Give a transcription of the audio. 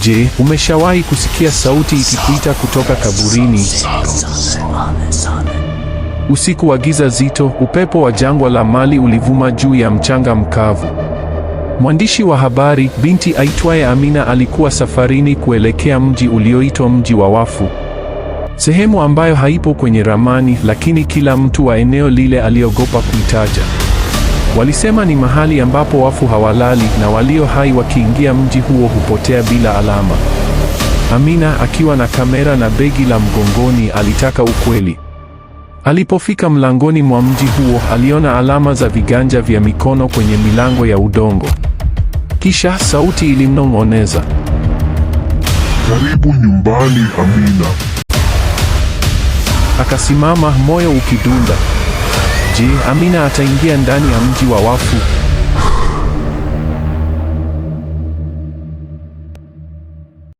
Je, umeshawahi kusikia sauti ikikuita kutoka kaburini? Usiku wa giza zito, upepo wa jangwa la Mali ulivuma juu ya mchanga mkavu. Mwandishi wa habari binti aitwaye Amina alikuwa safarini kuelekea mji ulioitwa mji wa wafu, sehemu ambayo haipo kwenye ramani, lakini kila mtu wa eneo lile aliogopa kuitaja. Walisema ni mahali ambapo wafu hawalali na walio hai wakiingia mji huo hupotea bila alama. Amina akiwa na kamera na begi la mgongoni alitaka ukweli. Alipofika mlangoni mwa mji huo, aliona alama za viganja vya mikono kwenye milango ya udongo. Kisha sauti ilimnong'oneza, karibu nyumbani Amina. Akasimama, moyo ukidunda. Je, Amina ataingia ndani ya mji wa wafu?